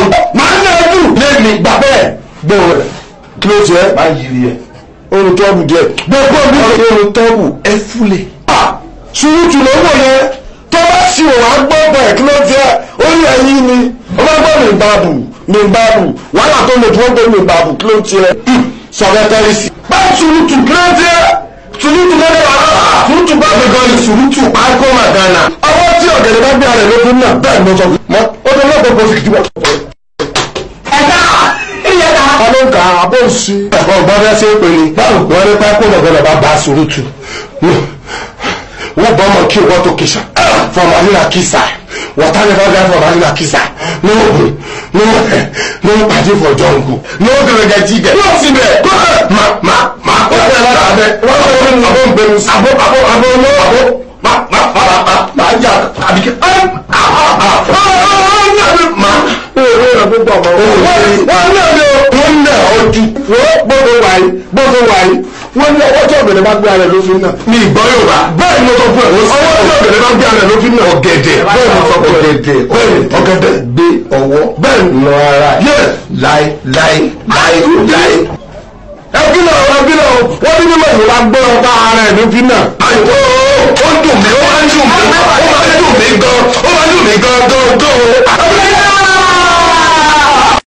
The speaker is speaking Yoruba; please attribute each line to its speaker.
Speaker 1: ìgbà máa ń yànjú
Speaker 2: lèmi gbà bẹ́ẹ̀ gbòòrò rẹ̀ kí ló ti ẹ́ máa yí rí ẹ̀ orun tọ́ọ̀bù díẹ̀ gbogbo mi orun tọ́ọ̀bù ẹ fúlẹ̀. sùúrùtù ló wò yẹn tó bá sì wà á gbọ́ bẹ́ẹ̀ kí ló ti ẹ́ ó yẹ yí
Speaker 3: ni ó bá gbọ́ mi bàbù mi bàbù wàhálà tó lè dúró pé mi bàbù kí ló ti ẹ́ hm, sọ̀rẹ́tẹ́rìsì. bá sùúrùtù kí ló ti ẹ́ sùúrùtù lọ́dọ̀ ah, sùúrùtù bá mi
Speaker 1: gan ni sùúrùtù pákó màgànà. ọwọ́ tí ọ̀gẹ̀dẹ̀ bá gbé ara rẹ̀ lógún náà bẹ́ẹ̀ ni sọ fún
Speaker 4: sì kí wọ́n. ẹ̀ka ìyẹn ká. ọlọ́nkà abó sí. ẹ̀fọ́ gbọ́dọ̀ ṣe é pèlè. wọ́n ní pápó lọ́gbọ́dọ̀ bá bá a sòrò tù. wọ́n bọ́ ọmọ kí wọ́n tó kìsà. fọmọ nílà kìsà wọ́tá ní bá dáa fọmọ nílà kìsà.
Speaker 5: ní oògùn ní oògùn ní oògùn pàdé fọjọ́ nǹkan. ní oògùn rẹ̀ jẹ́ jíjẹ. yóò sì bẹ̀. máa máa máa kọ́
Speaker 1: wọ́n náà ni wọ́n náà ojú wọ́n gbogbo wáyé gbogbo wáyé wọ́n ní ọwọ́ tí ọ̀gẹ̀dẹ̀ bá gbé ara rẹ̀ ló fi ń nà. ní ìgbọ́ Yorùbá bẹ́ẹ̀ ni mo
Speaker 6: sọ fún ẹ ọwọ́ tí ọ̀gẹ̀dẹ̀ bá gbé ara rẹ̀ ló fi ń nà. ọ̀gẹ̀dẹ̀ bẹ́ẹ̀ mo sọ fún ẹ ọ̀gẹ̀dẹ̀ ọ̀gẹ̀dẹ̀ gbé ọwọ́ bẹ́ẹ̀ lọ ara yẹ láì láì láì láì. ẹbí náà ẹbí náà wọ́n ní mímọ̀ Yorùbá gbé ọba ara rẹ̀ ló fi ń nà.
Speaker 7: ó dùn mí ó ń dùn mí.